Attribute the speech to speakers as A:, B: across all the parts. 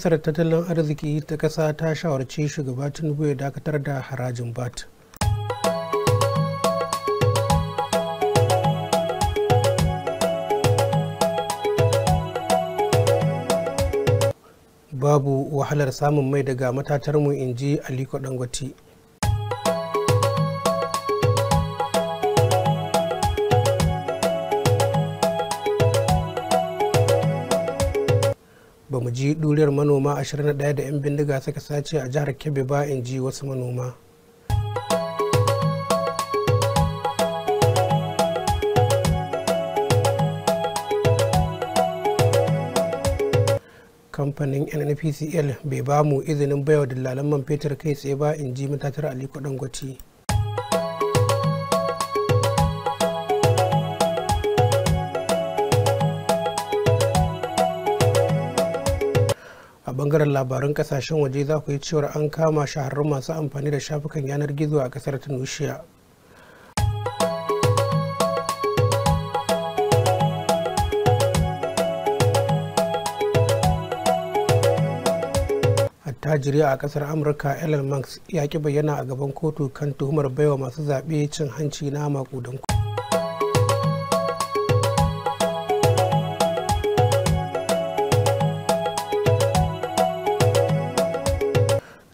A: majalisar tattalin arziki ta ƙasa ta shawarci shugaba tinubu ya dakatar da harajin bat babu wahalar samun mai daga matatarmu in ji aliko dangote mu ji ɗuriyar manoma 21 da 'yan bindiga suka sace a jihar kebbi ba in ji wasu manoma kamfanin nnpcl bai ba mu izinin baiwa dillalan man fetur kai tsaye ba in ji matatar aliko dangote bangaren labarun kasashen waje za ku yi cewar an kama shahararrun masu amfani da shafukan yanar gizo a kasar tunisia attajiriya a kasar amurka elon musk ya ki bayyana a gaban kotu kan tuhumar baiwa masu zaɓe cin hanci na makudan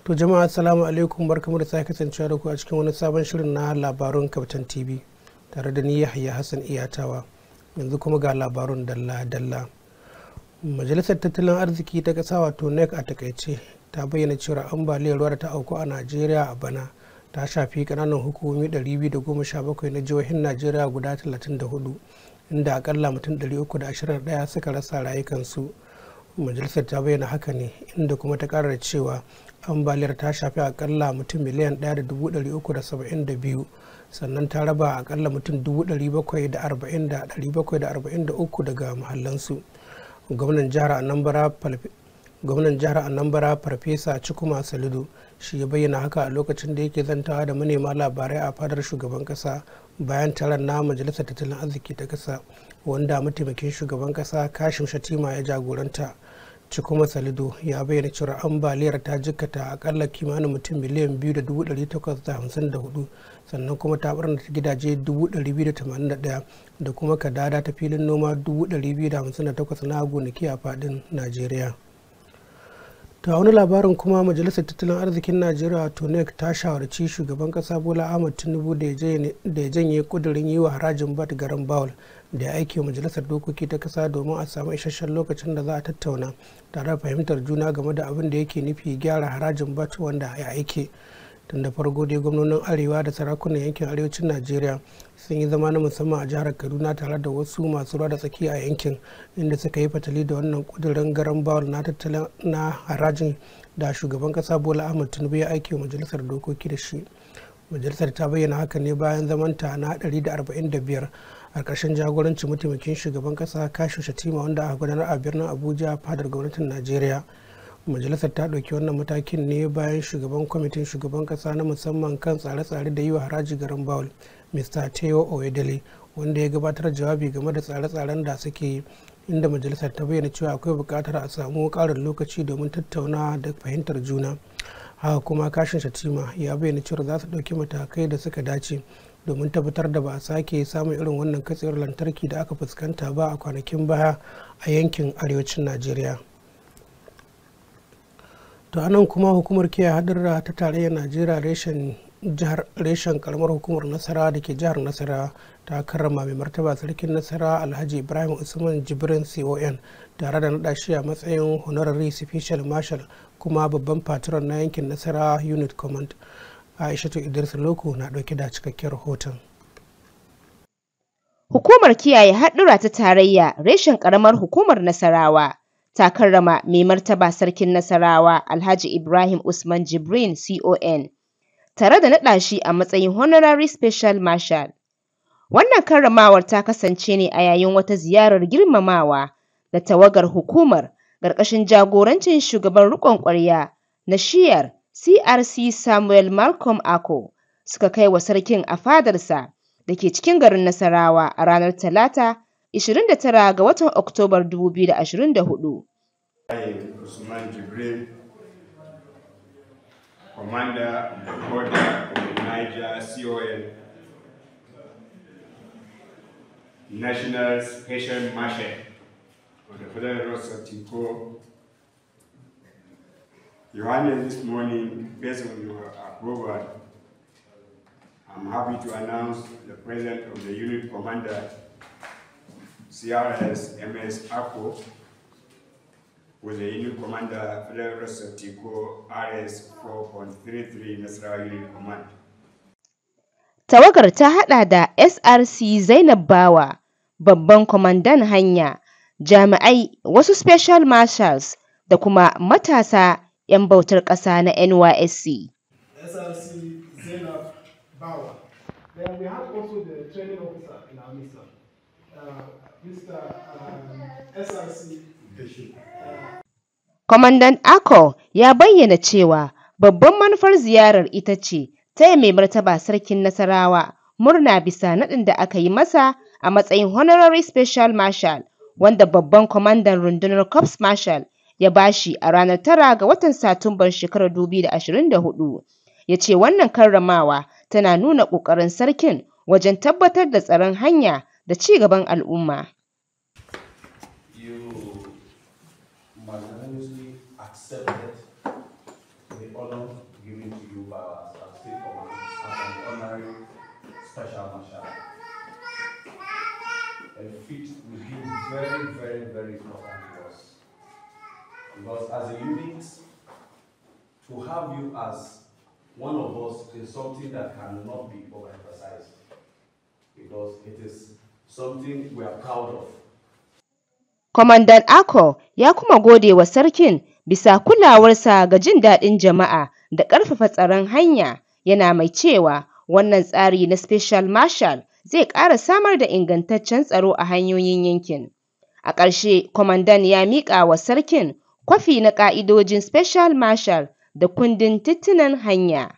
A: To jama'a assalamu alaikum barkamu da sake kasancewa da ku a cikin wani sabon shirin na labarun kaftan TV tare da ni Yahya Hassan Iyatawa. Yanzu kuma ga labarun dalla dalla. Majalisar Tattalin Arziki ta Kasa wato NEC a takaice ta bayyana cewa ambaliyar ruwa da ta auku a Najeriya a bana ta shafi kananan hukumomi 217 na jihohin Najeriya guda 34 inda akalla mutum 321 suka rasa rayukansu. majalisar ta bayyana haka ne inda kuma ta karar cewa ambaliyar ta shafi akalla mutum miliyan 1,372 sannan ta raba akalla mutum 740,743 daga mahallansu gwamnan jihar gwamnan jihar anambra farfesa cikuma salido shi ya bayyana haka a lokacin da yake zantawa da manema labarai a fadar shugaban kasa bayan taron na majalisar tattalin arziki ta kasa wanda mataimakin shugaban kasa kashim shatima ya jagoranta kuma Salido ya bayyana cewa ambaliyar ta jikata akalla kimanin mutum miliyan 2,854 sannan kuma ta ta gidaje 281 da kuma kadada ta filin noma 258 na gonaki a fadin Najeriya. ta wani labarin kuma majalisar tattalin arzikin najeriya tonec ta shawarci shugaban kasa bola ahmad tinubu da ya janye kudurin yi wa harajin bat garin bawul da ya aiki majalisar dokoki ta kasa domin a samu isasshen lokacin da za a tattauna tare da fahimtar juna game da abin da yake nufi gyara harajin bat wanda ya aiki tun da farko dai gwamnonin arewa da sarakunan yankin arewacin najeriya sun yi zama na musamman a jihar kaduna tare da wasu masu ruwa da tsaki a yankin inda suka yi fatali da wannan kudirin garan bawul na tattalin na harajin da shugaban kasa bola ahmad tinubu ya aiki wa majalisar dokoki da shi majalisar ta bayyana haka ne bayan zaman zamanta na 145 a ƙarshen jagorancin mataimakin shugaban ƙasa kashi shatima wanda a gudanar a birnin abuja fadar gwamnatin najeriya majalisar ta ɗauki wannan matakin ne bayan shugaban kwamitin shugaban ƙasa na musamman kan tsare-tsare da yi wa haraji garin bawul mr teo oedele wanda ya gabatar jawabi game da tsare-tsaren da suke yi inda majalisar ta bayyana cewa akwai buƙatar a samu karin lokaci domin tattauna da fahimtar juna haka kuma kashin shatima ya bayyana cewa za su ɗauki matakai da suka dace domin tabbatar da ba a sake samun irin wannan katsewar lantarki da aka fuskanta ba a kwanakin baya a yankin arewacin najeriya to anan kuma hukumar kiyaye hadarra ta tarayyar najeriya reshen jihar reshen karamar hukumar nasara da ke jihar nasara ta karrama mai martaba sarkin nasara alhaji ibrahim usman jibrin con tare da naɗa shi a matsayin honorary special marshal kuma babban faturan na yankin nasara unit command aishatu idris loko na ɗauki da cikakken rahoton
B: hukumar kiyaye haɗura ta tarayya reshen karamar hukumar nasarawa ta karrama mai martaba sarkin nasarawa alhaji ibrahim usman jibrin con tare da naɗa shi a matsayin Honorary Special Marshal. Wannan karramawar ta kasance ne a yayin wata ziyarar girmamawa da tawagar hukumar ƙarƙashin jagorancin shugaban riƙon ƙwarya na shiyar CRC Samuel Malcolm Ako suka kai wa sarkin a fadarsa da ke cikin garin Nasarawa a ranar Talata 29 ga watan Oktobar
C: 2024. Commander of the Border of the Niger CON, National Special Marshal of the Federal
D: Roads of Tinko. Honor, this morning, based on your approval, I'm happy to announce the presence of the unit commander, CRS MS APO, with the unit commander Flavor Tico RS 4.33 Nasarawa Unit Command.
B: Tawagar ta haɗa da SRC Zainab Bawa, babban kwamandan hanya, jami'ai wasu Special Marshals da kuma matasa 'yan bautar ƙasa na NYSC.
A: SRC Zainab Bawa. Then we have also the
E: training officer in our mission, uh, Mr. Um, SRC
B: Kwamandan Akol ya bayyana cewa babban manufar ziyarar ita ce taya Mai Martaba Sarkin Nasarawa murna bisa naɗin da aka yi masa a matsayin Honorary Special Marshal, wanda Babban Kwamandan Rundunar Corps Marshal ya bashi a ranar 9 ga watan Satumbar 2024. Ya ce wannan karramawa tana nuna ƙoƙarin Sarkin wajen tabbatar da tsaron hanya da ci gaban al'umma.
D: very, very, very important to us. Because as a unit, to have you as one of us is something that cannot be overemphasized. Because it is something we are proud of.
B: Kwamandan Ako ya kuma gode wa sarkin bisa kulawarsa ga jin daɗin jama'a da ƙarfafa tsaron hanya yana mai cewa wannan tsari na Special Marshal zai ƙara samar da ingantaccen tsaro a hanyoyin yankin. A ƙarshe, kwamandan ya miƙa wa sarkin kwafi na ƙa'idojin Special Marshal da kundin titunan hanya.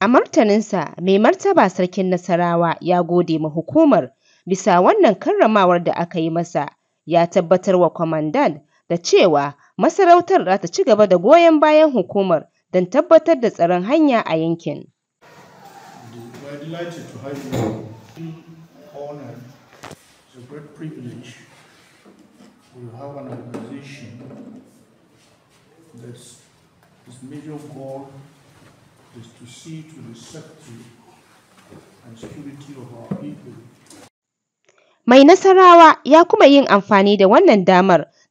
B: A martaninsa, mai martaba sarkin Nasarawa ya gode ma hukumar bisa wannan karramawar da aka yi masa, ya tabbatar wa kwamandan da cewa Masarautar za ta ci gaba da goyon bayan hukumar don tabbatar da tsaron hanya a yankin.
C: major goal is to see to the safety and security of our
B: people. Mai nasarawa ya kuma yin amfani da wannan damar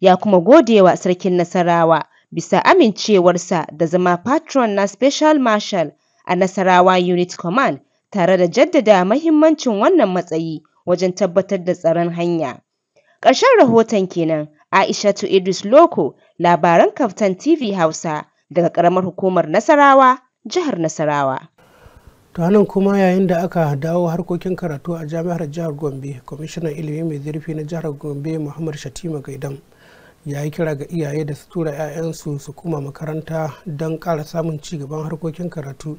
B: ya kuma godewa sarkin Nasarawa bisa amincewarsa da zama patron na Special Marshal a Nasarawa Unit Command tare da jaddada mahimmancin wannan matsayi wajen tabbatar da tsaron hanya. Ƙarshen rahoton kenan Aishatu Idris Loko labaran Kaftan TV Hausa daga ƙaramar hukumar Nasarawa, jihar Nasarawa.
A: To nan kuma yayin da aka dawo harkokin karatu a jami'ar jihar Gombe, kwamishinan ilimi mai zurfi na jihar Gombe Muhammad Shatima Gaidan. ya yi kira ga iyaye da su tura 'ya'yansu su kuma makaranta don ƙara samun ci gaban harkokin karatu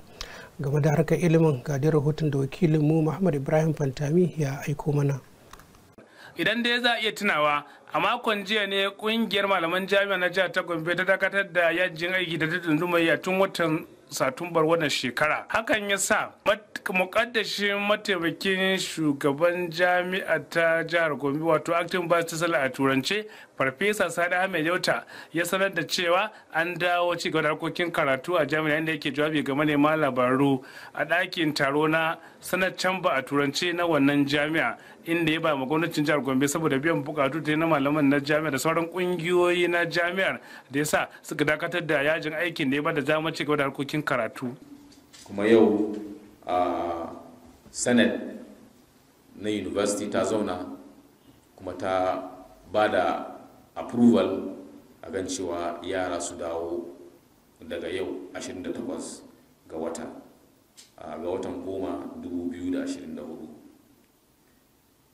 A: game da harkar ilimin ga rahoton da wakilin mu muhammad ibrahim fantami ya aiko mana
E: idan dai za a iya tunawa a makon jiya ne kungiyar malaman jami'a na jihar ta gombe ta dakatar da yajin aiki da ta tun watan satumbar wannan shekara hakan ya sa mukaddashin mataimakin shugaban jami'a ta jihar gombe wato acting vice chancellor a turance farfesa sadi ahmed yauta ya sanar da cewa an dawo ci gaba da harkokin karatu a jami'a inda yake jawabi ga manema labaru a dakin taro na sanar can ba a turance na wannan jami'a inda ya ba ma gwamnatin jihar gombe saboda biyan bukatu ta na malaman na jami'ar da sauran kungiyoyi na jami'ar da yasa suka dakatar da yajin aikin da ya bada damar cigaba da harkokin karatu
F: kuma yau a senate na university ta zauna kuma ta ba da approval a gan cewa yara su dawo daga yau 28 ga wata ga watan goma 2024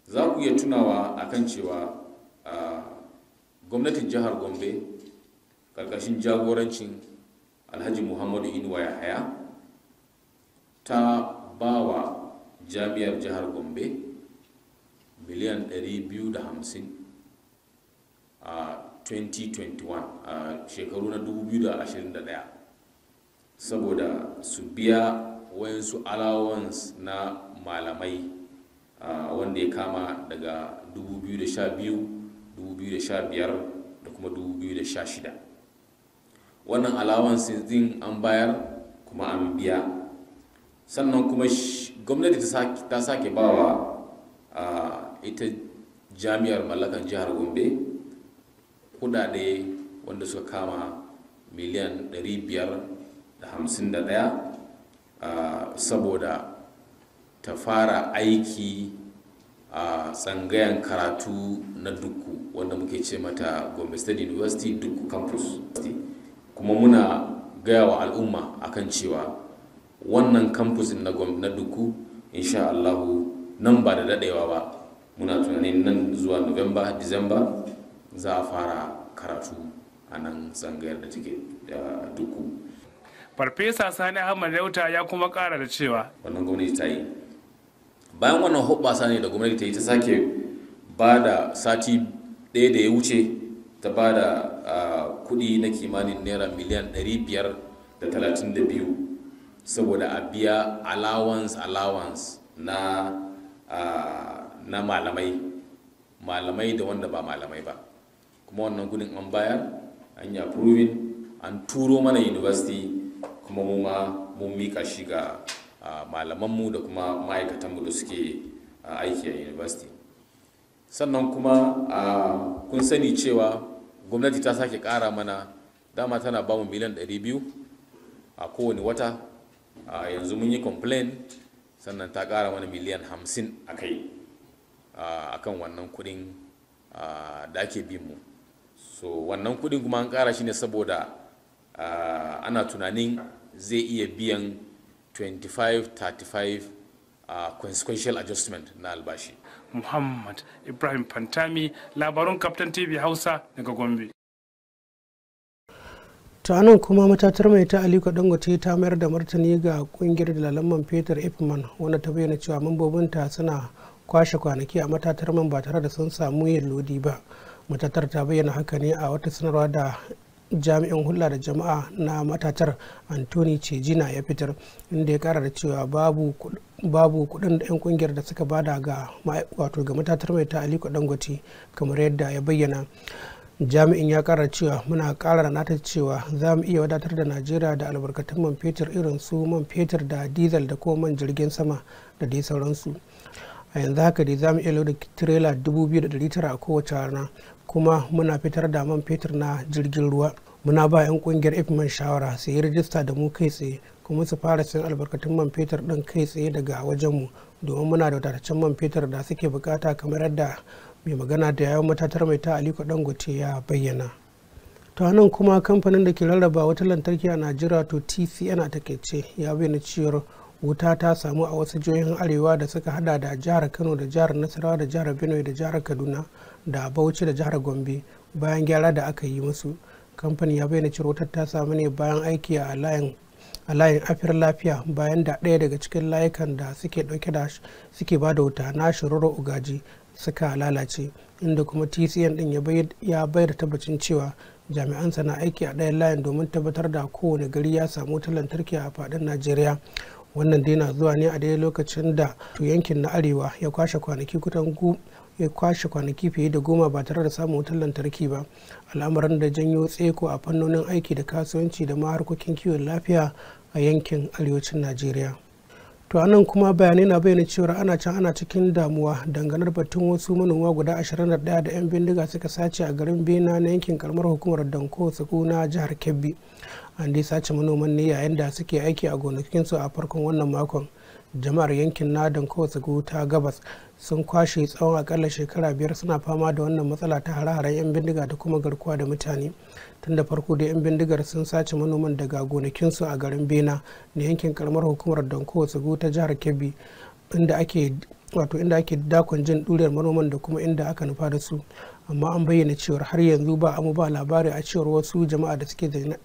F: za ku iya tunawa a kan cewa gwamnatin jihar gombe karkashin jagorancin alhaji muhammadu inuwa yahaya ta ba wa jami'ar jihar gombe miliyan 250 a 2021 a shekaru na 2021 saboda su biya wayansu allowance na malamai wanda ya kama daga 2012 2015 da kuma 2016 wannan allowance din an bayar kuma an biya sannan kuma gwamnati ta sake bawa ita jami'ar mallakan jihar gombe kudade wanda suka kama miliyan 551 saboda ta fara aiki a tsangayan karatu na dukku wanda muke ce mata gombe state university dukku campus kuma muna gaya wa al'umma akan cewa wannan campus na gombe na dukku insha allahu nan ba da dadewa ba muna tunanin nan zuwa november december za a fara karatu a nan tsangayar da take dukku
E: farfesa sani ahmad yauta ya kuma kara da cewa
F: wannan gwamnati ta yi bayan wannan hoɓɓasa ne da gwamnati ta yi ta sake ba da sati ɗaya da ya wuce ta ba da kuɗi na kimanin naira miliyan 532 saboda a biya allowance allowance na na malamai malamai da wanda ba malamai ba kuma wannan gudun an bayar an yi approving an turo mana university kuma mu ma mun mika shi ga malamanmu da kuma ma'aikatanmu da suke aiki a university sannan kuma kun sani cewa gwamnati ta sake kara mana dama tana ba mu miliyan 200 a kowane wata a yanzu mun yi complain sannan ta ƙara mana miliyan 50 a kai a kan wannan kudin da ake bin mu so wannan kudin kuma an ƙara shi ne saboda ana tunanin zai iya biyan 25-35 a uh, consequential adjustment na
E: albashi. Muhammad Ibrahim Fantami labarun Captain TV Hausa daga
A: Gombe. ta nan kuma matatar mai ta aliko dangote ta mayar da martani ga kungiyar dalalan peter fetur ipman wanda ta bayyana cewa mambobinta suna kwashe kwanaki a matatar man ba tare da sun samu yin lodi ba matatar ta bayyana haka ne a wata sanarwa da jami'in hulɗa da jama'a na matatar antoni cejina ya fitar inda ya kara da cewa babu kuɗin da 'yan kungiyar da suka bada ga wato ga matatar mai ta aliko dangote kamar yadda ya bayyana jami'in ya kara cewa muna kara nata cewa za mu iya wadatar da najeriya da albarkatun man fetur irin su man fetur da dizal da ko man jirgin sama da dai sauransu a yanzu haka dai za mu iya lauda tirela tara a kowace rana kuma muna fitar da man fetur na jirgin ruwa muna ba 'yan kungiyar ifman shawara su yi rijista da mu kai tsaye kuma su fara sayan albarkatun man fetur ɗin kai tsaye daga wajenmu domin muna da wadataccen man fetur da suke bukata kamar yadda mai magana da yawon matatar mai ta aliko dangote ya bayyana ta nan kuma kamfanin da ke rarraba wata lantarki a najeriya to tcn a takaice ya bayyana cewar wuta ta samu a wasu jihohin arewa da suka hada da jihar kano da jihar nasarawa da jihar benue da jihar kaduna da bauchi da jihar gombe bayan gyara da aka yi musu kamfanin ya bayyana cewa wutar ta samu ne bayan aiki a layin a layin afir lafiya bayan da ɗaya daga cikin layukan da suke ɗauke da suke ba da wuta na shiroro ugaji suka lalace inda kuma tcn din ya bayar da tabbacin cewa jami'an na aiki a ɗayan layin domin tabbatar da kowane gari ya samu wutar lantarki a faɗin najeriya wannan dai na zuwa ne a daidai lokacin da yankin na arewa ya kwashe kwanaki kutan ya kwashe kwanaki fiye da goma ba tare da samun wutar lantarki ba al'amuran da janyo tseko a fannonin aiki da kasuwanci da ma harkokin kiwon lafiya a yankin arewacin najeriya to anan kuma bayanai na bayyana cewa ana can ana cikin damuwa danganar batun wasu manoma guda 21 da 'yan bindiga suka sace a garin bena na yankin karamar hukumar danko suku na jihar kebbi an dai sace manoman ne yayin da suke aiki a gonakinsu a farkon wannan makon jama'ar yankin nadin kowace ta gabas sun kwashe tsawon akalla shekara biyar suna fama da wannan matsala ta hare-haren 'yan bindiga da kuma garkuwa da mutane tun da farko da 'yan bindigar sun sace manoman daga gonakinsu a garin bena na yankin karamar hukumar danko tsugu ta jihar kebbi inda ake wato inda ake dakon jin ɗuriyar manoman da kuma inda aka nufa da su amma an bayyana cewar har yanzu ba amu ba labari a cewar wasu jama'a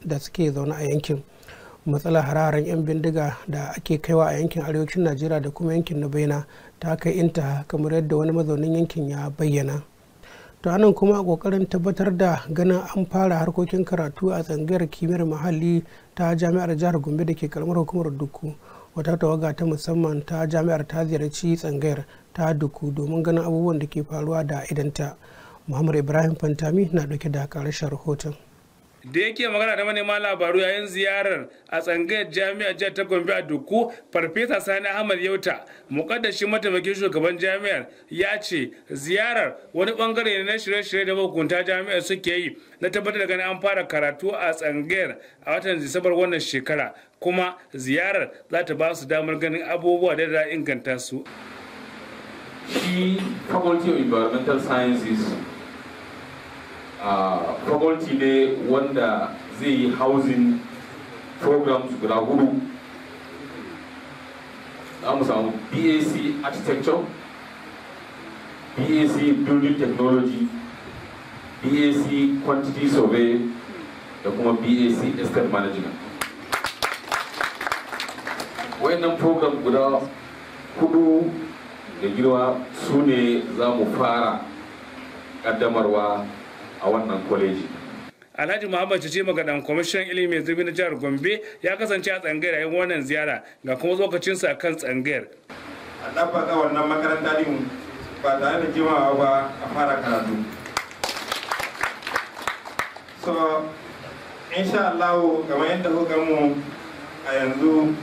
A: da suke zaune a yankin matsalar hararin 'yan bindiga da ake kaiwa a yankin arewacin najeriya da kuma yankin baina ta kai inta kamar yadda wani mazaunin yankin ya bayyana to anan kuma a kokarin tabbatar da ganin an fara harkokin karatu a tsangayar kimiyyar muhalli ta jami'ar jihar gombe da ke karamar hukumar duku wata tawaga ta musamman ta jami'ar ta ziyarci tsangayar ta duku domin ganin abubuwan da ke faruwa da idanta muhammad ibrahim fantami na dauke da karashen rahoton
E: da yake magana da manema labaru yayin ziyarar a tsangayar jami'ar jihar ta gombe a duku farfesa sani ahmad yauta mukaddashin mataimakin shugaban jami'ar ya ce ziyarar wani bangare ne na shirye-shirye da hukunta jami'ar suke yi na tabbatar da ganin an fara karatu a tsangayar a watan disabar wannan shekara kuma ziyarar za ta ba su damar ganin abubuwa da da inganta su. Shi Faculty of Environmental Sciences
F: faculty ne wanda zai yi housing programs guda hudu za mu samu bac architecture bac building technology bac quantity survey da kuma bac estate management wayannan program guda hudu da girma
E: su ne za mu fara ƙaddamarwa a wannan kwaleji Alhaji Muhammad ce Magadan kwamishinan ilimi da na jihar Gombe ya kasance a tsangayar yayin wannan ziyara ga kuma lokacinsa kan tsangayar.
D: A ɗabbaka wannan makaranta din ba tare da jimawa ba a fara karatu. So, insha Allah kamar yadda kuka mu a yanzu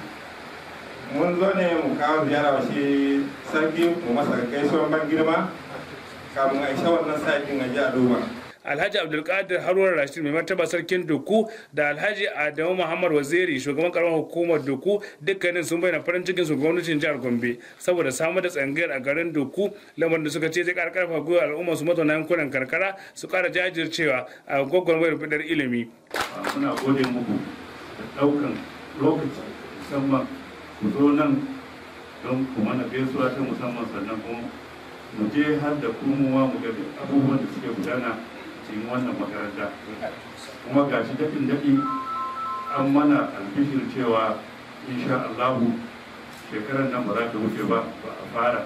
D: mun zo ne mu kawo ziyara wa shi sarki mu masa gaisuwan ban girma
C: kamun a isa wannan sakin a ji a duba.
E: alhaji abdulkadir haruna rashid mai martaba sarkin doku da alhaji adamu muhammad waziri shugaban karamar hukumar doku dukkanin sun bayyana farin cikin su gwamnatin jihar gombe saboda samar da tsangayar a garin doku lamarin da suka ce zai ƙara ƙarfa gwiwa al'umma su mazauna yankunan karkara su ƙara jajircewa a gwagwarmayar fidar ilimi. muna gode muku da ɗaukan lokaci
D: musamman ku zo nan don ku mana gaisuwa ta musamman sannan kuma mu je har da kuma mu ga abubuwan da suke gudana cikin wannan makaranta kuma ga shi dafin dafi an mana albishir cewa insha Allah shekarar nan ba za ta wuce ba ba a fara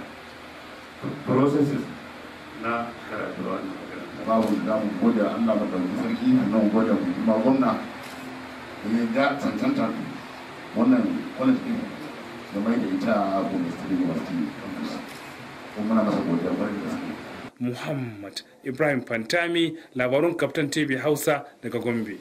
C: processes
E: na karatu wannan makaranta babu da mu gode Allah ba da
D: sarki nan gode mu kuma gwamna ne da tantanta wannan kwalifi da mai da ita a Gombe State University kuma
E: na masa godiya bari da sarki muhammad ibrahim fantami labarun kaftan tv hausa daga gombe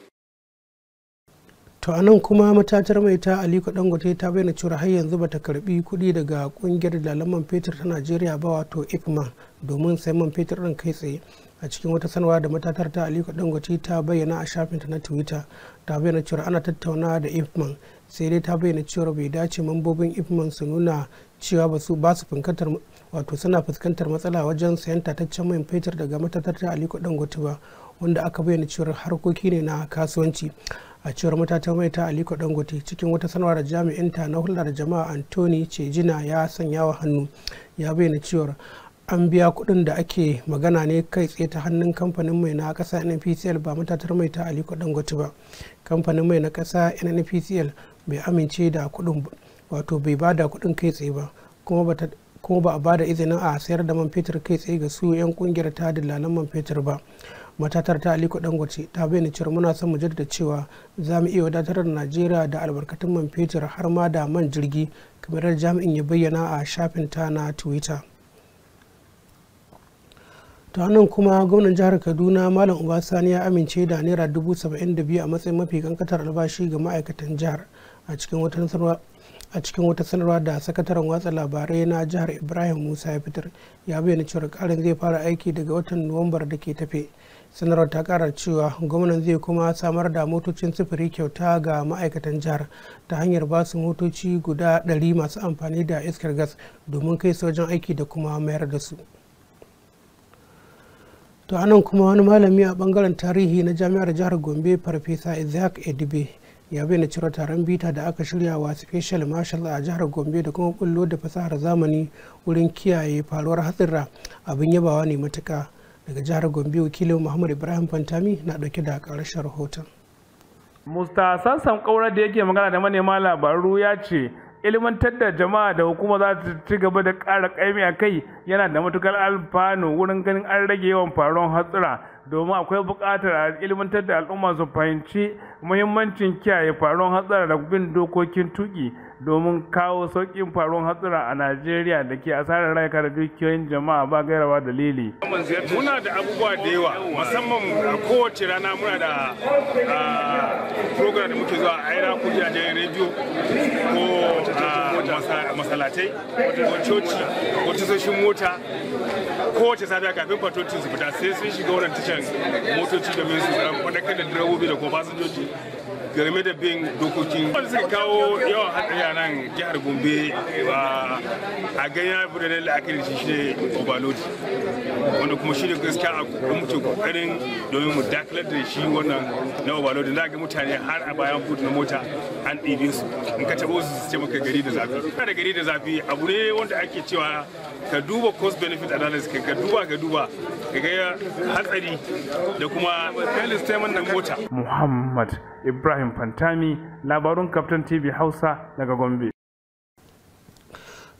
A: to anan kuma matatar mai ta aliko dangote ta bayyana cewa har yanzu bata karbi kuɗi daga kungiyar lalaman fetur ta najeriya ba wato ifman domin sai man fetur ɗin kai tsaye a cikin wata sanarwa da matatar ta aliko dangote ta bayyana a shafinta na twitter ta bayyana cewa ana tattauna da ifman sai dai ta bayyana cewa bai dace mambobin ifman su nuna cewa ba su fankatar wato suna fuskantar matsala wajen sayan tataccen man fetur daga matatar aliko dangote ba wanda aka bayyana cewar harkoki ne na kasuwanci a cewar matatar mai ta aliko dangote cikin wata sanarwa jami'in ta na hulɗar jama'a antoni cejina ya sanya wa hannu ya bayyana cewar an biya kuɗin da ake magana ne kai tsaye ta hannun kamfanin mai na ƙasa nnpcl ba matatar mai ta aliko dangote ba kamfanin mai na ƙasa nnpcl bai amince da kuɗin wato bai ba da kuɗin kai tsaye ba kuma ko ba a ba da izinin a sayar da man fetur kai tsaye ga su 'yan kungiyar ta dillalan man fetur ba matatar ta aliko dangote ta bayyana cewa muna son mu jaddada cewa za mu iya wadatar da najeriya da albarkatun man fetur har ma da man jirgi kamar jami'in ya bayyana a shafin ta na twitter ta nan kuma gwamnan jihar kaduna malam uba sani ya amince da naira dubu saba'in da biyu a matsayin mafi kankatar albashi ga ma'aikatan jihar a cikin wata a cikin wata sanarwa da sakataren watsa labarai na jihar ibrahim musa ya fitar ya bayyana cewa karin zai fara aiki daga watan nuwambar da ke tafe sanarwar ta kara cewa gwamnan zai kuma samar da motocin sufuri kyauta ga ma'aikatan jihar ta hanyar ba su motoci guda 100 masu amfani da iskar gas domin kai su wajen aiki da kuma mayar da su. to anan kuma wani malami a bangaren tarihi na jami'ar jihar gombe farfesa isaac edibe ya bayyana cewa taron bita da aka shirya wa special marshal a jihar gombe da kuma kullo da fasahar zamani wurin kiyaye faruwar hatsira abin yabawa ne matuka daga jihar gombe wakilin muhammad ibrahim fantami na dauke da karshen rahoton
E: musta sassan kaurar da yake magana da manema labaru ya ce ilmantar da jama'a da hukuma za ta ci gaba da kara kaimi a kai yana da matukar alfanu wurin ganin an rage yawan faruwar hatsira domin akwai buƙatar a ilmantar da al'umma su fahimci muhimmancin kiyaye faruwar hatsara da bin dokokin tuƙi domin kawo sauƙin faruwar hatsura a Najeriya da ke asarar rayuka da dukiyoyin jama'a ba gairawa dalili. Muna da abubuwa da yawa musamman a kowace rana muna da program da muke zuwa a aira ko gidajen rediyo ko masalatai ko coci ko tasoshin mota kowace safiya kafin fatocin su fita sai sun shiga wannan tashar motoci domin su faɗakar da direbobi da kuma fasinjoji game da bin dokokin wanda kawo yawan hatsari nan jihar gombe ba a ganin na da lalle akai da shi ne overload wanda kuma shi ne gaskiya a kokarin mutu kokarin domin mu dakilar da shi wannan na overload da ga mutane har a bayan hudu na mota an ɗibe su in ka taɓo su ce maka gari da zafi kuma da gari da zafi abu ne wanda ake cewa ka duba cost benefit analysis ka duba ka duba ka ga hatsari da kuma kai listaman na mota Muhammad Ibrahim Ibrahim Fantami labarun kaftan TV Hausa
D: daga Gombe.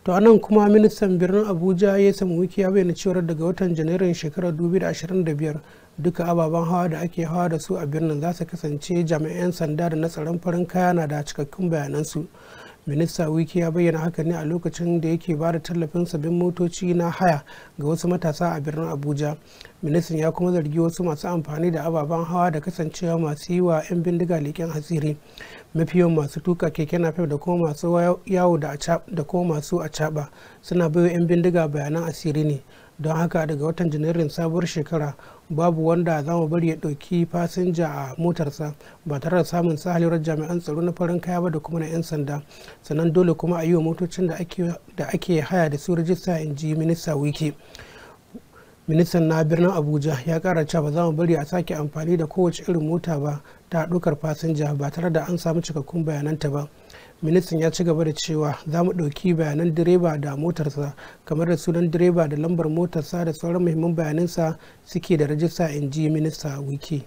A: To anan kuma ministan birnin Abuja ya samu wiki ya bayyana cewar daga watan Janairun shekarar 2025 duka ababen hawa da ake hawa da su a birnin za su kasance jami'an sanda da na tsaron farin kaya na da cikakkun bayanan su. minista wiki ya bayyana haka ne a lokacin da yake ba da tallafin sabbin motoci na haya ga wasu matasa a birnin abuja ministan ya kuma zargi wasu masu amfani da ababen hawa da kasancewa masu yi wa 'yan bindiga leƙen hatsiri mafi yawan masu tuka keke na da kuma masu yawo da kuma masu a suna baiwa 'yan bindiga bayanan asiri ne don haka daga watan janairun sabuwar shekara babu wanda za mu bari ya ɗauki fasinja a motarsa ba tare da samun sahalewar jami'an tsaro na farin kaya ba da kuma na 'yan sanda sannan dole kuma a yi wa motocin da ake haya da su rajista in ji minista wiki ministan na birnin abuja ya kara cewa ba za mu bari a sake amfani da kowace irin mota ba ta ɗaukar fasinja ba tare da an samu cikakkun bayananta ba ministan ya ci gaba da cewa za mu ɗauki bayanan direba da motarsa kamar da sunan direba da lambar motarsa da sauran muhimman bayanansa suke da rajista in ji minista wiki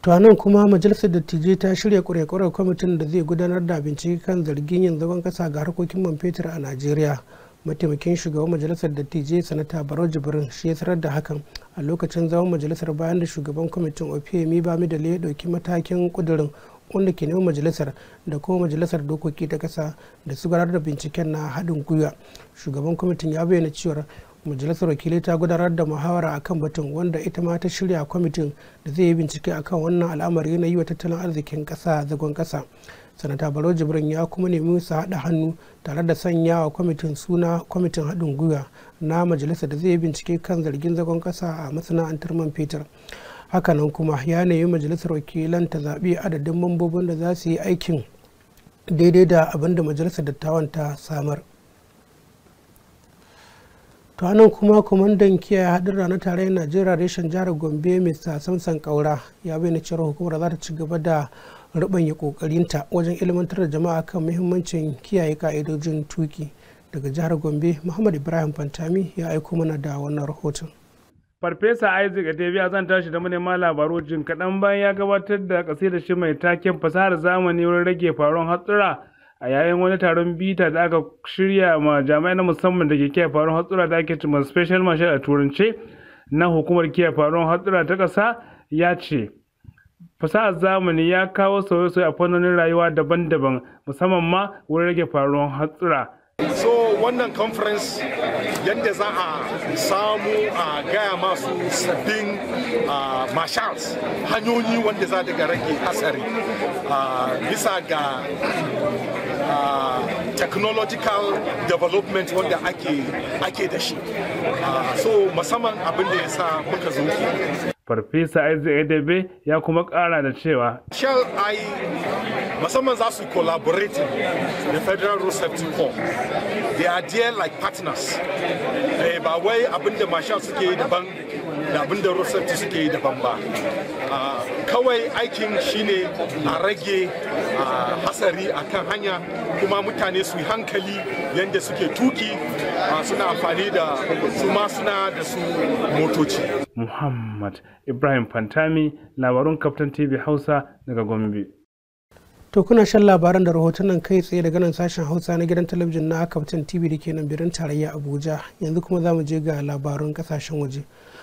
A: to nan kuma majalisar dattijai ta shirya kure-kuren kwamitin da zai gudanar da bincike kan zargin yin zagon kasa ga harkokin man fetur a najeriya mataimakin shugaban majalisar dattijai sanata baro jibrin shi ya sanar da hakan a lokacin zaman majalisar bayan da shugaban kwamitin opm ba ya ɗauki matakin kudurin wanda ke neman majalisar da kuma majalisar dokoki ta kasa da su gudanar da binciken na haɗin gwiwa shugaban kwamitin ya bayyana cewa majalisar wakilai ta gudanar da muhawara akan batun wanda ita ma ta shirya kwamitin da zai yi bincike akan wannan al'amari na yi wa tattalin arzikin kasa zagon kasa sanata baro jibrin ya kuma nemi su haɗa hannu tare da sanya wa kwamitin suna kwamitin haɗin gwiwa na majalisar da zai yi bincike kan zargin zagon kasa a masana'antar man fetur hakanan kuma ya nemi majalisar wakilan ta zaɓi adadin mambobin da za su yi aikin daidai da abin da majalisar dattawan ta samar to nan kuma kwamandan kiyaye hadura na tarayyar najeriya reshen jihar gombe mr samson kaura ya bayyana cewa hukumar za ta ci gaba da rubanya ta wajen ilmantar da jama'a kan muhimmancin kiyaye ka'idojin tuki daga jihar gombe muhammad ibrahim fantami ya aiko mana da wannan rahoton
E: Farfesa Isaac Adebiya zan tashi da manema labaru jin kaɗan bayan ya gabatar da kasidar shi mai taken fasahar zamani wurin rage faruwar hatsura a yayin wani taron bita da aka shirya ma jami'ai na musamman da ke kiyaye faruwar hatsura da ake cewa special marshal a turance na hukumar kiyaye faruwar hatsura ta ƙasa ya ce fasahar zamani ya kawo sauye-sauye a fannonin rayuwa daban-daban musamman ma wurin rage faruwar hatsura. So wannan conference yadda za a
F: samu a gaya masu sabbin marshals hanyoyi
D: wanda za daga rage hasari bisa ga technological development wanda ake da shi so musamman abin da ya sa muka zo
E: farfesa isaac edebe ya kuma kara da cewa
F: shell I? musamman za su collaborate the federal road safety corps they are there like partners eh, ba wai abinda marshal suke daban da abin da rosati suke yi daban ba ah, kawai aikin shine a rage ah, hasari a kan hanya
D: kuma mutane su hankali yadda suke tuki ah, suna amfani da su masuna da su
E: motoci muhammad ibrahim fantami labarun kaftan tv hausa daga gombe
A: to kuna shan labaran da rahoton nan kai tsaye daga nan sashen hausa na gidan talabijin na kaftan tv da ke nan birnin tarayya abuja yanzu kuma za mu je ga labarun kasashen waje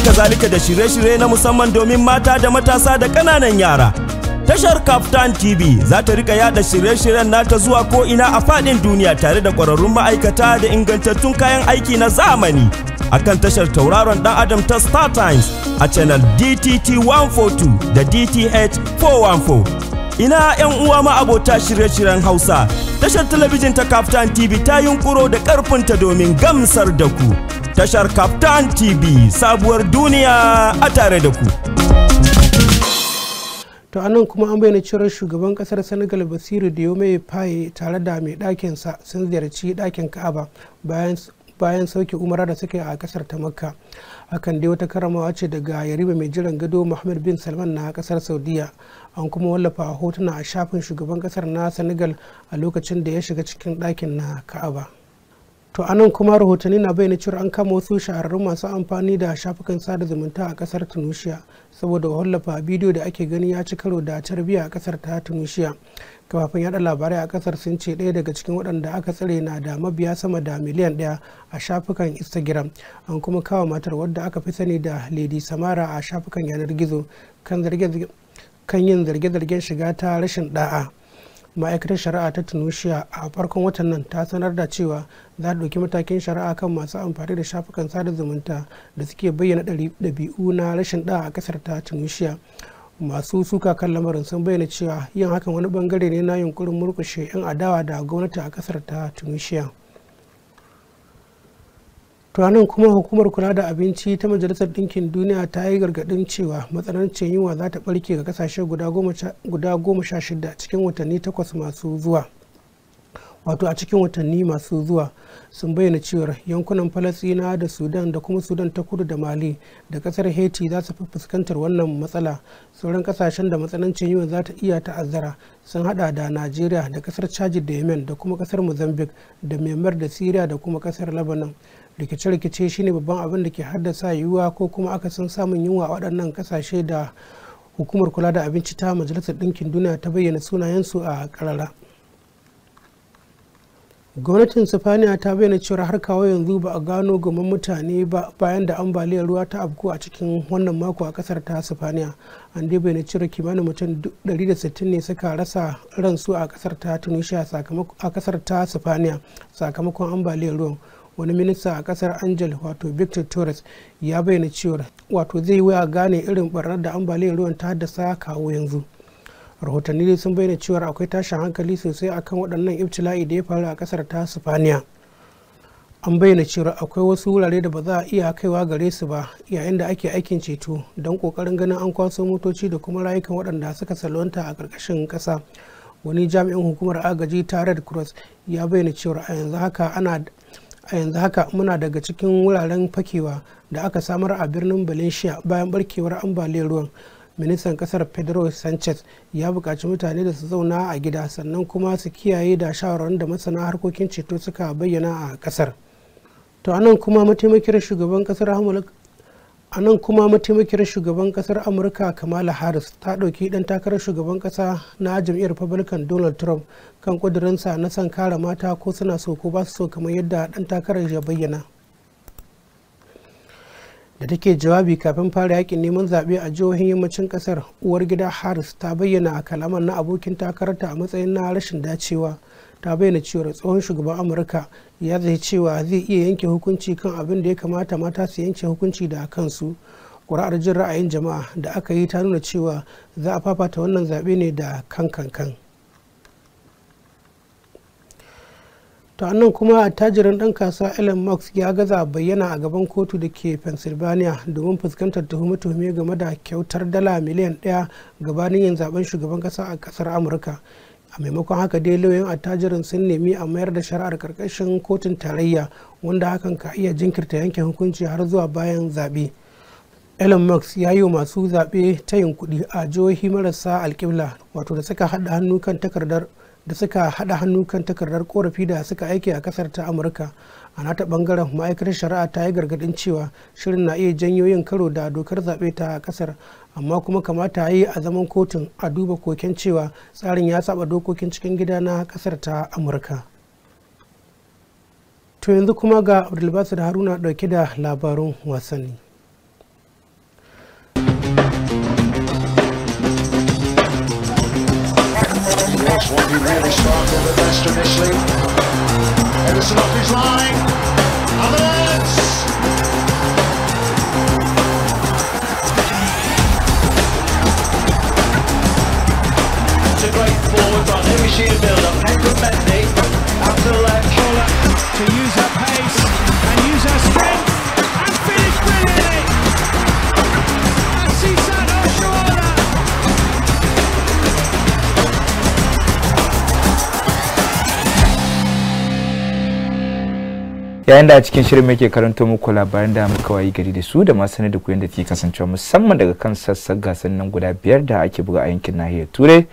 D: haka zalika da shirye-shirye na musamman domin mata da matasa da ƙananan yara. Tashar Captain TV za ta rika yada shirye-shiryen nata zuwa ko ina a faɗin duniya tare da ƙwararrun ma'aikata da ingantattun kayan aiki na zamani. Akan tashar tauraron ɗan Adam ta Star Times a channel DTT 142 da DTH 414. Ina 'yan uwa ma abota shirye-shiryen Hausa, tashar talabijin ta Kaftan TV ta yunkuro da ƙarfinta domin gamsar da ku. Tashar Kaftan TV sabuwar duniya a tare da ku.
A: To anan kuma an bayyana cewar shugaban kasar Senegal Basiru Diomaye Faye tare da mai ɗakinsa sun ziyarci ɗakin Ka'aba bayan bayan sauke umara da suka yi a kasar ta makka hakan dai wata karamawa ce daga yariba mai jiran gado muhammad bin salman na kasar saudiya an kuma wallafa a hotuna a shafin shugaban kasar na senegal a lokacin da ya shiga cikin ɗakin na ka'aba to anan kuma rahotanni na bayyana cewa an kama wasu shahararrun masu amfani da shafukan sada zumunta a kasar tunisia saboda wallafa bidiyo da ake gani ya ci karo da tarbiyya a kasar ta tunisia kafafin yada labarai a kasar sun ce ɗaya daga cikin waɗanda aka tsare na da mabiya sama da miliyan ɗaya a shafukan instagram an kuma kawo matar wadda aka fi sani da lady samara a shafukan yanar gizo kan yin zarge-zargen shiga ta rashin da'a ma'aikatar shari'a ta tunisia a farkon watan nan ta sanar da cewa za ta ɗauki matakin shari'a kan masu amfani da shafukan sada zumunta da suke bayyana ɗabi'u na rashin ɗa'a a kasar ta tunisia masu suka kan lamarin sun bayyana cewa yin hakan wani bangare ne na yunkurin murkushe 'yan adawa da gwamnati a kasar ta tunisia tunanin kuma hukumar kula da abinci ta majalisar ɗinkin duniya ta yi gargaɗin cewa matsanancin yunwa za ta ɓarke ga kasashe guda goma sha shida cikin watanni takwas masu zuwa wato a cikin watanni masu zuwa sun bayyana cewar yankunan falasina da sudan da kuma sudan ta kudu da mali da kasar haiti za su fi fuskantar wannan matsala sauran kasashen da matsanancin yiwon za ta iya ta'azzara sun hada da najeriya da kasar chaji da yemen da kuma kasar mozambique da myanmar da syria da kuma kasar lebanon rikice-rikice shine babban abin da ke haddasa yiwuwa ko kuma aka san samun yunwa a waɗannan kasashe da hukumar kula da abinci ta majalisar ɗinkin duniya ta bayyana sunayensu a karara gwamnatin sifaniya ta bayyana cewar har kawo yanzu ba a gano gaman mutane ba bayan da ambaliyar ruwa ta afku a cikin wannan mako a kasar ta sifaniya an dai bayyana cewar kimanin mutum 160 ne suka rasa ransu a kasar ta tunisia a kasar ta sifaniya sakamakon ambaliyar ruwan wani minista a kasar angel wato victor torres ya bayyana cewar wato zai wuya gane irin barnar da ambaliyar ruwan ta haddasa kawo yanzu rahotanni dai sun bayyana cewar akwai tashin hankali sosai akan waɗannan iftila'i da ya faru a ƙasar ta sifaniya an bayyana cewa akwai wasu wurare da ba za a iya kaiwa gare su ba yayin da ake aikin ceto don ƙoƙarin ganin an kwaso motoci da kuma rayukan waɗanda suka salwanta a ƙarƙashin ƙasa wani jami'in hukumar agaji ta red cross ya bayyana cewa a yanzu haka a yanzu haka muna daga cikin wuraren fakewa da aka samar a birnin valencia bayan barkewar ambaliyar ruwan ministan kasar pedro sanchez ya buƙaci mutane da su zauna a gida sannan kuma su kiyaye da shawarwarin da masana harkokin ceto suka bayyana a kasar to anan kuma mataimakin shugaban kasar a nan kuma mataimakiyar shugaban kasar amurka kamala harris ta ɗauki ɗan takarar shugaban ƙasa na jam'iyyar republican donald trump kan ƙudurinsa na son kare mata ko suna so ko ba su so kamar yadda ɗan takarar ya bayyana da take jawabi kafin fara yakin neman zaɓe a jihohin yammacin ƙasar uwar gida harris ta bayyana a kalaman na abokin takararta a matsayin na rashin dacewa ta bayyana cewa tsohon shugaban amurka ya zai cewa zai iya yanke hukunci kan abin da ya kamata mata su yanke hukunci da kansu ƙuri'ar jin ra'ayin jama'a da aka yi ta nuna cewa za a fafata wannan zaɓe ne da kan kan kan to annan kuma attajirin dan kasuwa elon musk ya gaza bayyana a gaban kotu da ke pennsylvania domin fuskantar tuhume-tuhume game da kyautar dala miliyan daya gabanin yin zaben shugaban kasa a kasar amurka a maimakon haka dai lauyan attajirin sun nemi a mayar da shari'ar karkashin kotun tarayya wanda hakan ka iya jinkirta yanke hukunci har zuwa bayan zaɓe. elon musk ya yi wa masu zaɓe yin kuɗi a jihohi marasa alƙibla wato da suka haɗa hannu kan takardar da suka haɗa hannu kan takardar korafi da suka aiki a kasar ta amurka a nata bangaren ma'aikatar shari'a ta yi gargadin cewa shirin na iya janyo yin karo da dokar zaɓe ta kasar amma kuma kamata yi a zaman kotun a duba koken cewa tsarin ya saba dokokin cikin gida na kasar ta amurka to yanzu kuma ga abdulbasir haruna ɗauke da labarun wasanni Won't he really sparkle the best initially? Edison off his
D: line. Havertz! It's a great forward run. Here we see the build-up. Henry Mendy out to the left. to use her pace and use her strength.
C: yayin da a cikin shirin muke karanto muku labaran da muka wayi gari da su da masu sanar da ku yadda ke kasancewa musamman daga kan sassan gasar nan guda biyar da ake buga a yankin nahiyar turai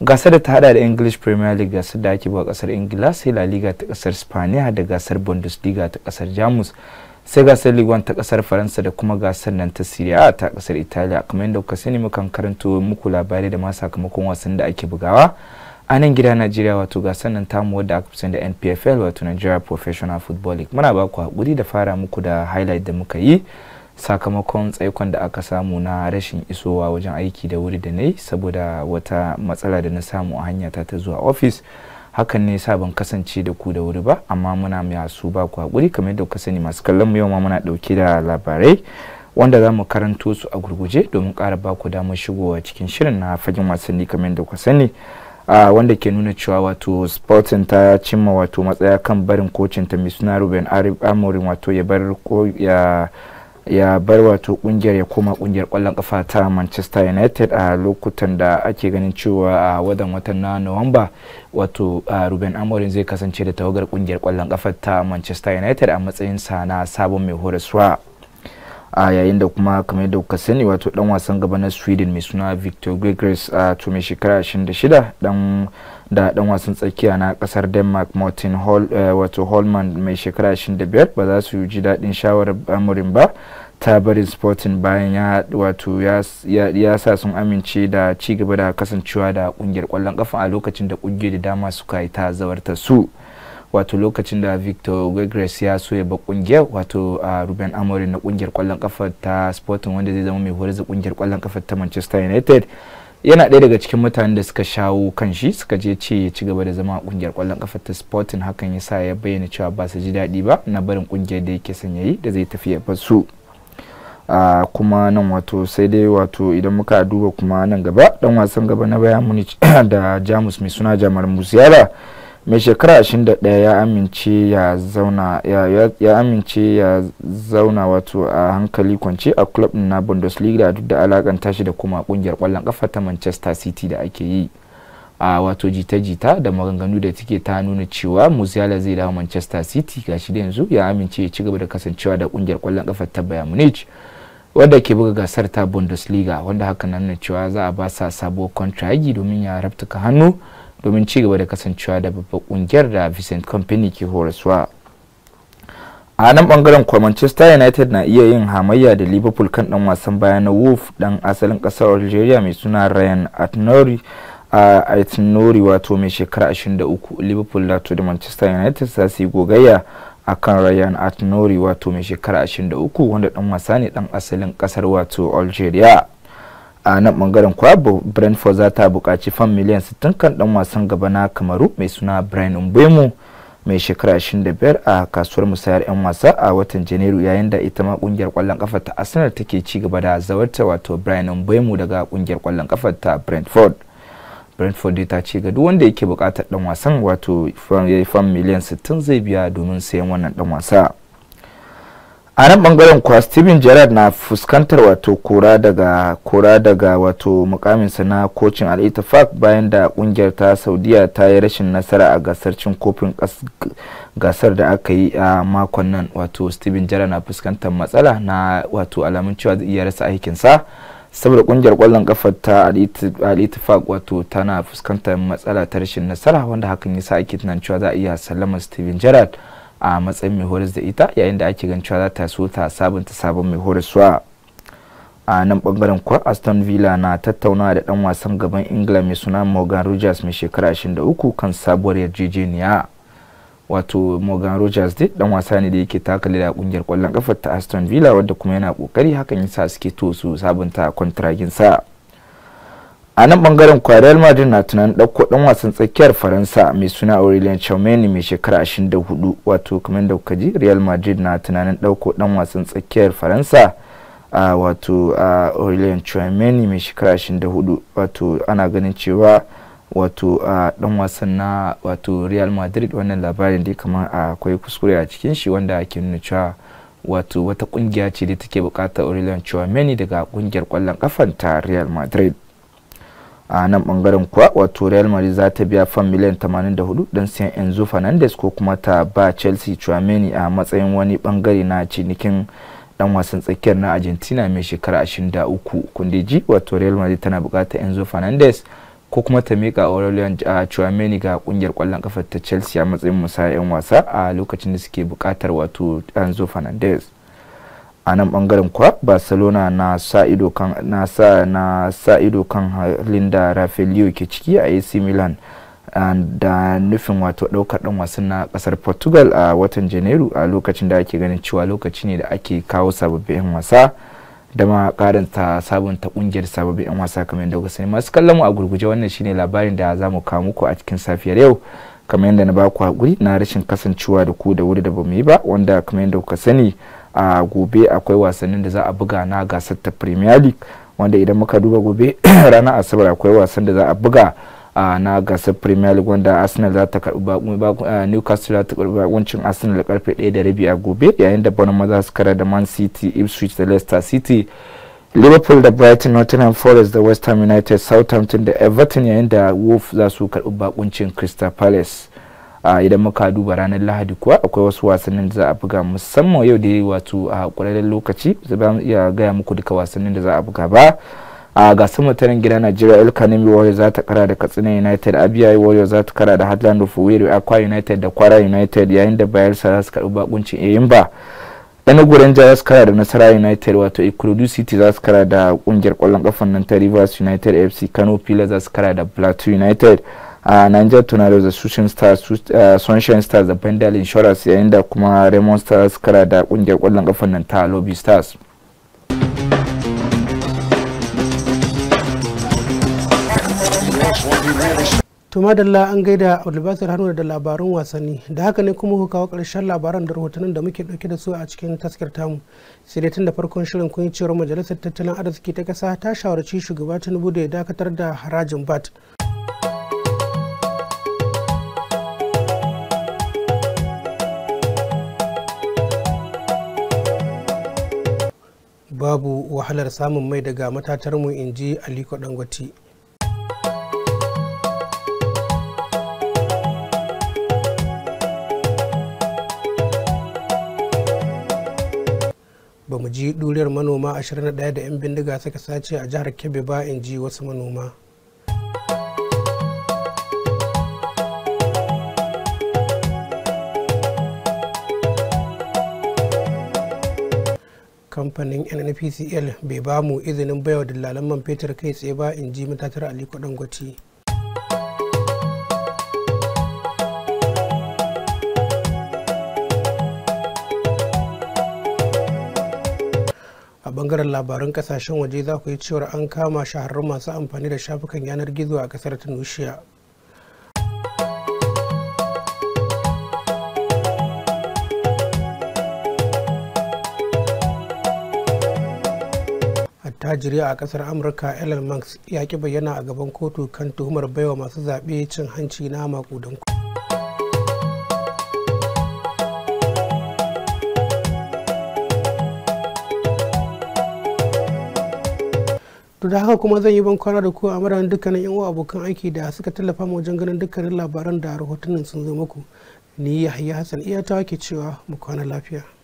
C: gasar da ta hada da english premier league gasar da ake buga kasar ingila sai la liga ta kasar spaniya da gasar bundesliga ta kasar jamus sai gasar ligue ta kasar faransa da kuma gasar nan ta syria ta kasar italiya kamar yadda kuka sani mukan karanto muku labarai da ma sakamakon wasan da ake bugawa a nan gida najeriya wato gasar nan tamu wadda aka fi da npfl wato nigeria professional football league muna ba ku haƙuri da fara muku da highlight da muka yi sakamakon tsaikon da aka samu na rashin isowa wajen aiki da wuri da na saboda wata matsala da na samu a hanya ta ta zuwa ofis hakan ne sa ban kasance da ku da wuri ba amma muna su ba ku haƙuri kamar yadda kuka sani masu kallon mu yau ma muna ɗauke da labarai wanda za mu karanto su a gurguje domin ƙara ba ku damar shigowa cikin shirin na fagen wasanni kamar yadda kuka sani Ah, wanda ke nuna cewa wato sporting ta cimma wato matsaya kan barin kocin ta mai suna ruben amurin wato ya bar ko ya ya bar wato kungiyar ya koma kungiyar kwallon kafa ta manchester united a lokutan da ake ganin cewa a wadan watan na nuwamba wato ah, ruben amurin zai kasance da tawagar kungiyar kwallon kafa ta manchester united a matsayin sa na sabon mai horaswa. a yayin da kuma kamar yadda kuka sani wato dan wasan gaba na sweden mai suna victor gregers a to mai shekara 26 dan da dan wasan tsakiya na kasar denmark martin hall eh, wato holman mai shekara 25 ba za su ji daɗin shawarar amurin ba ta barin sporting bayan ya wato ya sa sun amince da ci gaba da kasancewa da kungiyar kwallon kafa a lokacin da kungiyar da dama suka yi ta zawarta su. wato lokacin da victor gregres ya so ya ba kungiyar wato a ruben amorin na kungiyar kwallon kafa ta sporting wanda zai zama mai horar da kungiyar kwallon kafa ta manchester united yana ɗaya daga cikin mutanen da suka shawo kan shi suka je ce ya ci gaba da zama a kungiyar kwallon kafa ta sporting hakan ya sa ya bayyana cewa ba su ji daɗi ba na barin kungiyar da yake son yayi da zai tafi ya su Uh, kuma nan wato sai dai wato idan muka duba kuma nan gaba dan wasan gaba na bayan munich da jamus mai suna jamar musiala mai shekara 21 ya amince ya zauna ya amince ya zauna wato a hankali kwance a club na bundesliga duk da alakan tashi da kuma kungiyar kwallon kafa ta manchester city da ake yi a wato jita-jita da maganganu da take ta nuna cewa musiala zai dawo manchester city gashi da yanzu ya amince ya ci gaba da kasancewa da kungiyar kwallon kafa ta bayern munich wadda ke buga gasar ta bundesliga wanda hakan nuna cewa za a ba sa sabuwar kontragi domin ya raftuka hannu domin ci gaba da kasancewa da babbar kungiyar da vincent company ke horaswa a nan bangaren kuwa manchester united na iya yin hamayya da liverpool kan dan wasan baya na wolf dan asalin kasar algeria mai suna ryan atnori a atnori wato mai shekara 23 liverpool lato da manchester united za su yi gogayya a kan ryan atnori wato mai shekara 23 wanda dan wasa ne dan asalin kasar wato algeria a nan bangaren kwabo brentford za ta buƙaci fan miliyan 60 kan dan wasan gaba na kamaru mai suna brian mbemu mai shekara 25 a kasuwar musayar 'yan wasa a watan janairu yayin da ita ma kungiyar kwallon kafa ta arsenal take ci gaba da zawarta wato brian mbemu daga kungiyar kwallon kafa ta brentford brentford ta ce ga duk wanda yake bukatar dan wasan wato fan miliyan 60 zai biya domin sayan wannan dan wasa a nan bangaren kuwa steven gerrard na fuskantar wato kora daga kura daga wato mukaminsa na kocin al'itafak bayan da kungiyar ta saudiya ta yi rashin nasara a gasar cin kofin gasar da aka yi a makon nan wato steven gerrard na fuskantar matsala na wato alamun cewa zai iya rasa aikinsa saboda kungiyar kwallon kafa ta al'itafak wato tana fuskantar matsala ta rashin nasara wanda hakan ya sa ake tunanin cewa za a iya sallama steven gerrard a matsayin mai horas da ita yayin da ake gan cewa za ta so ta sabunta sabon mai horaswa a nan bangaren kwa aston villa na tattaunawa da dan wasan gaban ingila mai suna morgan rogers mai shekara 23 kan sabuwar yarjejeniya wato morgan rogers dai dan wasa ne da yake taka da kungiyar kwallon kafar ta aston villa wadda kuma yana kokari hakan yasa suke to su sabunta kontragin sa a nan bangaren kwariyar madrid na tunanin ɗauko ɗan wasan tsakiyar faransa mai suna aurelien chouameni mai shekara 24 wato kamar da kuka ji real madrid na tunanin ɗauko ɗan wasan tsakiyar faransa a wato a aurelien chouameni mai shekara 24 wato ana ganin cewa wato a dan wasan na wato real madrid wannan labarin dai kamar akwai kuskure a cikin shi wanda ake nuna cewa wato wata kungiya ce da take bukatar aurelien chouameni daga kungiyar kwallon kafan ta real madrid a nan bangaren kuwa wato real madrid za ta biya fan miliyan 84 don siyan enzo fernandez ko kuma ta ba chelsea chuameni a matsayin wani bangare na cinikin dan wasan tsakiyar na argentina mai shekara 23 ji wato real madrid tana bukatar enzo fernandez ko kuma ta mika aurelian chuameni ga kungiyar kwallon kafa ta chelsea a matsayin musayar 'yan wasa a lokacin da suke bukatar wato enzo fernandez a nan bangaren kuwa barcelona na sa ido kan na sa na sa ido kan halin da rafaelio ke ciki a ac milan da nufin wato daukar dan wasan na kasar portugal a watan janairu a lokacin da ake ganin cewa lokaci ne da ake kawo sababbin wasa da ma karanta sabunta kungiyar sababbin wasa kamar yadda kuka sani masu kallon mu a gurguje wannan shine labarin da za mu kawo muku a cikin safiyar yau kamar yadda na baku ku hakuri na rashin kasancewa da ku da wuri da bamu yi ba wanda kamar yadda kuka sani a gobe akwai wasannin da za a buga na gasar ta premier league wanda idan muka duba gobe ranar asabar akwai wasan da za a buga na gasar premier league wanda arsenal za ta karbi newcastle za ta karbi bakuncin arsenal karfe 1 da rabi a gobe yayin da bournemouth za su kara da man city ipswich da leicester city liverpool da brighton nottingham forest da west ham united southampton da everton yayin da wolf za su karbi bakuncin crystal palace idan muka duba ranar lahadi kuwa akwai wasu wasannin da za a buga musamman yau da wato a kwararren lokaci za mu iya gaya muku duka wasannin da za a buga ba a gasar mutanen gida najeriya el kanemi wayo za ta kara da katsina united abia wayo za ta kara da hadland of owerri akwa united da kwara united yayin da bayelsa za su karbi bakuncin eyimba enugu rangers za su kara da nasara united wato ikurudu city za su kara da kungiyar kwallon kafan nan ta rivers united fc kano Pillar za su kara da plateau united Ah, a niger tornadoes da sushin stars ah, sunshine stars da pendal insurance yayin da kuma raymond stars kara da kungiyar kwallon kafan nan ta lobby stars
A: to madalla an gaida abdulbasir hannu da labarun wasanni da haka ne kuma ku kawo karshen labaran da rahotannin da muke dauke da su a cikin taskar tamu sai dai tun da farkon shirin kun cewar majalisar tattalin arziki ta kasa ta shawarci shugaba tinubu da ya dakatar da harajin bat babu wahalar samun mai daga matatarmu in ji aliko dangote ba mu ji ɗuriyar manoma 21 da 'yan bindiga suka sace a jihar kebbi ba in ji wasu manoma kamfanin nnpcl bai ba mu izinin baiwa dillalan man fetur kai tsaye ba in ji matatar aliko dangote a bangaren labaran kasashen waje za ku yi cewar an kama shahararrun masu amfani da shafukan yanar gizo a kasar tunisia tajiri a kasar amurka elon musk ya ki bayyana a gaban kotu kan tuhumar baiwa masu zaɓe cin hanci na makudan to da haka kuma zan yi ban kwana da ku a maran dukkanin yan uwa abokan aiki da suka tallafa mu wajen ganin dukkanin labaran da rahotannin sun zo muku ni yahya hassan ta ke cewa mu kwana lafiya